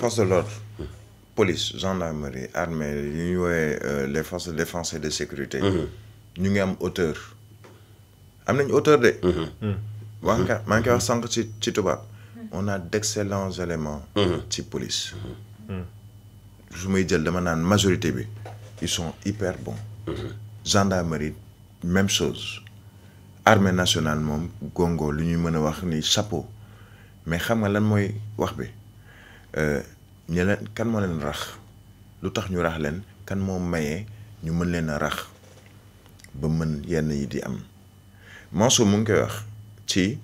force de l'ordre police gendarmerie armée li ñuy woowee euh, les force de défense et de sécurité mm-hmm. ñu ngi am hauteur am nañ hauteur de mm-hmm. mm-hmm. wax nga maa ngi koy wax sànq ci ci tubaab on a d'excellents éléments ci police su may jël dama naan majorité bi ils son hyper bons gendarmerie même chose armée nationale moom gongo lu ñuy mën a wax ni chapeau mais xam nga lan mooy wax bi Euh, ñe leen kan moo leen rax lu tax ñu rax leen kan moo mayee ñu mën leen a rax ba mën yenn yi di am Mansour mu ngi koy wax ci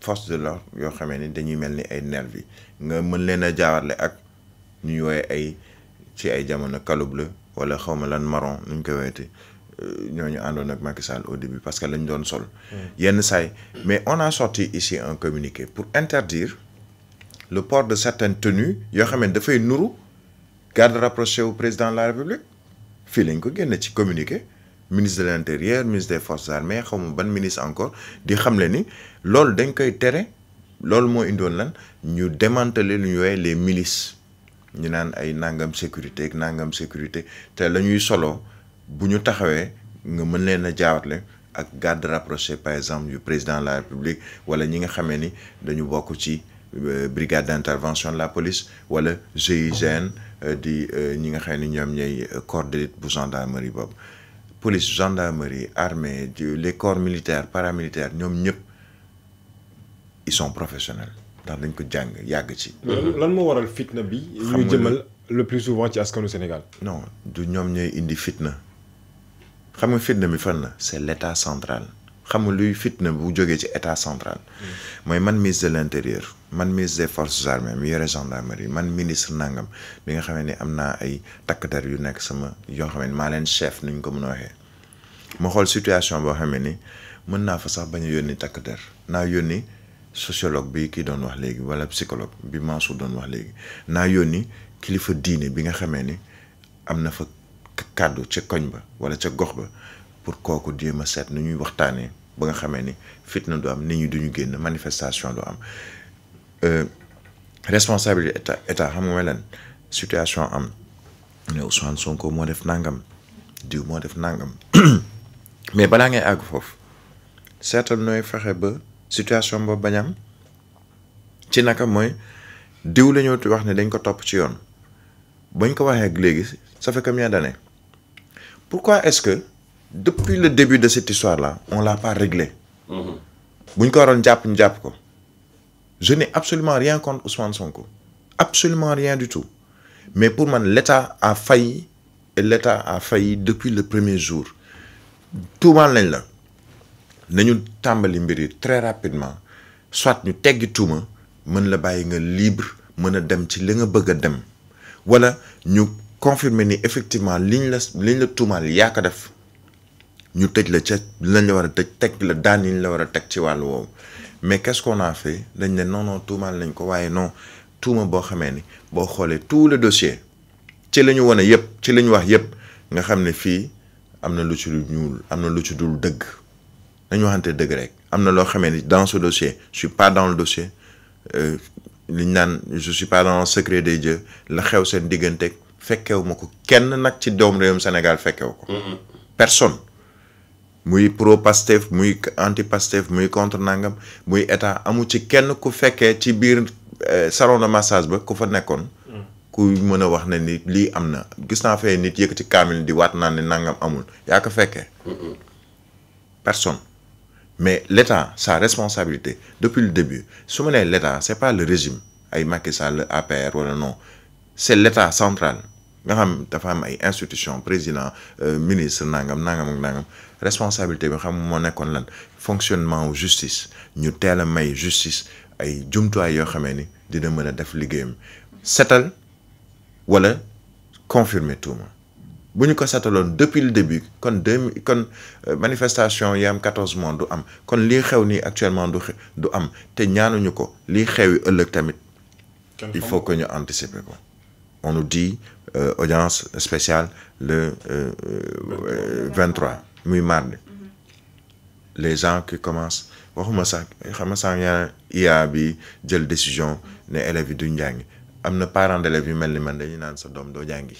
force de l'ordre yoo xamee ni dañuy mel ni ay nervi yi nga mën leen a jaawarle ak ñuy wooye ay ci ay jamono kalu bleu wala xawma lan marron nuñ koy euh, ñoo ñu àndoon ak Macky Sall au début parce que lañ doon sol mm. yenn saay mais on a sorti ici un communiqué pour interdire lu port de certaines tenues yoo xam ne dafay nuru garde rapproché wu président de la république fii lañ ko génne ci communiqué ministre de l' intérieur ministre des forces armées xaw ma ban ministre encore di xam le ni loolu dañ koy tere loolu moo indoon lan ñu démanteler lu ñu woowee les milices ñu naan ay nangam sécurité ak nangam sécurité te la ñuy soloo bu ñu taxawee nga mën leen a jaawatle ak garde rapproché par exemple yu président de la république wala ñi nga xamee ni dañu bokk ci Euh, brigade d'intervention de la police wala GIGN euh, di euh, ñi nga xam ni ñoom ñooy corps d'élite bu gendarmerie boobu police gendarmerie armée les corps militaires paramilitaires ñoom ñëpp ils sont professionnels ndax dañ ko jàng yàgg ci. lan moo waral fitna bi. ñu jëmal le plus souvent ci askanu Sénégal. non du ñoom ñooy indi fitna xam nga fitna bi fan la c'est l'état central. xamul luy fitna bu jógee ci état central. mooy man ministre de l'intérieur man ministre des forces armées mi yore gendarmerie man ministre nangam bi nga xam ne am naa ay takk yu nekk sama yoo xam ne maa leen chef nuñ ko mën a waxee. ma xool situation boo xam ni mën naa fa sax bañ a yónni takk naa yónni sociologue bi kii doon wax léegi wala psychologue bi Mansour doon wax léegi naa yónni kilifa diine bi nga xamee ni am na fa kàddu ca koñ ba wala ca gox ba. pour kooku jéem a seet nu ñuy waxtaanee ba nga xamee ni fitna du am ni ñu duñu génn manifestation du am euh, responsabilité état état xam nga lan situation am ne Ousmane Sonko moo def nangam diw moo def nangam mais balaa ngay àgg foofu seetal nooy fexe ba situation boobu bañam am ci naka mooy diw la ñu wax ne dañ ko topp ci yoon bañ ko waxee léegi ça fait combien d'années pourquoi est-ce que. depuis le début de cette histoire là on l'a pas réglé. Mm-hmm. bu ñu ko waroon jàpp ñu jàpp ko. je n'ai absolument rien contre son ko absolument rien du tout mais pour man l'État a failli et l'État a failli depuis le premier jour. tuumaan lañ la nañu tàmbali mbir yi très rapidement soit ñu teggi tuuma mën la bàyyi nga libre mën a dem ci li nga bëgg a dem wala ñu confirmer ni effectivement liñ la liñ la tuumaal yaa ko def. ñu tëj la ca lañ la war a tëj teg la daan yi ñu la war a teg ci wàllu woowu mais qu'est-ce dañ ne non non tuumaal nañ ko waaye non tuuma boo xamee ni boo xoolee tout le dossier ci la ñu wane yëpp ci la ñu wax yëpp nga xam ne fii am na lu ci lu ñuul am na lu ci dul dëgg nañu waxante dëgg rek am na loo xamee ni dans ce dossier je suis pas dans le dossier euh, liñ naan je suis pas dans secret des dieux la xew seen diggante fekkewu ma ko kenn nag ci doom réewum Sénégal fekkewu ko muy pro Pastef muy anti Pastef muy contre nangam muy état amu ci kenn ku fekkee ci biir eh, salon de massage ba ku fa nekkoon. Mm. ku mën a wax ne nit lii am na gis naa fee nit yëkkati kaamil di waat naa ne nangam amul yaa ko fekkee. personne mais l' sa responsabilité depuis le début su ma nee l' état est pas le régime ay Macky Sall APR wala non c' est l' état central. nga xam dafa am ay institution président euh, ministre nangam nangam ak nangam responsabilité bi xam moo nekkoon lan fonctionnement justice ñu teel a may justice ay jumtuwaay yoo xamee ni dina mën a def liggéeyam setal wala confirmer tuuma bu ñu ko setaloon depuis le début kon deux kon euh, manifestation yi am quatorze mois du am kon lii xew nii actuellement du du am te ñaanuñu ko lii xew yi ëllëg tamit il faut que ñu anticiper ko on nous dit Euh, audience spéciale le 23 euh, euh, muy mardi les gens qui commence waxuma sax xam nga sànq yaa bi jël décision ne élèves yi duñ jàngi am na parents d'élèves yu mel ni man dañuy naan sa doom doo jàngi.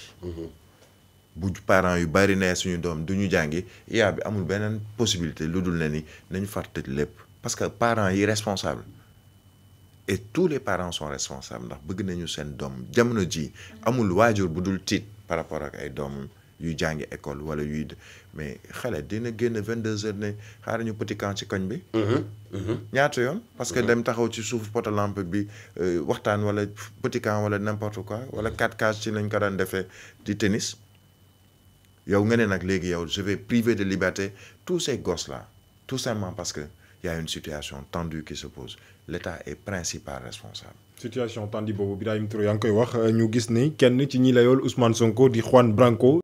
bu parents yu bari ne suñu doom du ñu jàngi IA bi amul beneen possibilité lu dul ne ni nañu far tëj lépp parce que parents yi responsable. et tous les parents sont responsables ndax bëgg nañu seen doom jamono ji amul waajur bu dul tiit par rapport ak ay doom yuy jàngi école wala yuy mais xale dina génn vingt deux heures ne xaar ñu petit camp ci koñ bi mhm, mhm. ñaata yoon parce que mhm. dem taxaw ci suufu poto lampe bi euh, waxtaan wala petit camp wala n'importe quoi wala quatre cases ci lañ ko daan defee di tennis yow nga ne nag léegi yow je vais priver de liberté tout ces gosses là tout simplement parce que y a une situation tendue qui se pose l'État est principal responsable. situation tendue boobu Birahim Touré yaa ngi koy wax ñu gis ni kenn ci ñi layool Ousmane Sonko di Juan Branco.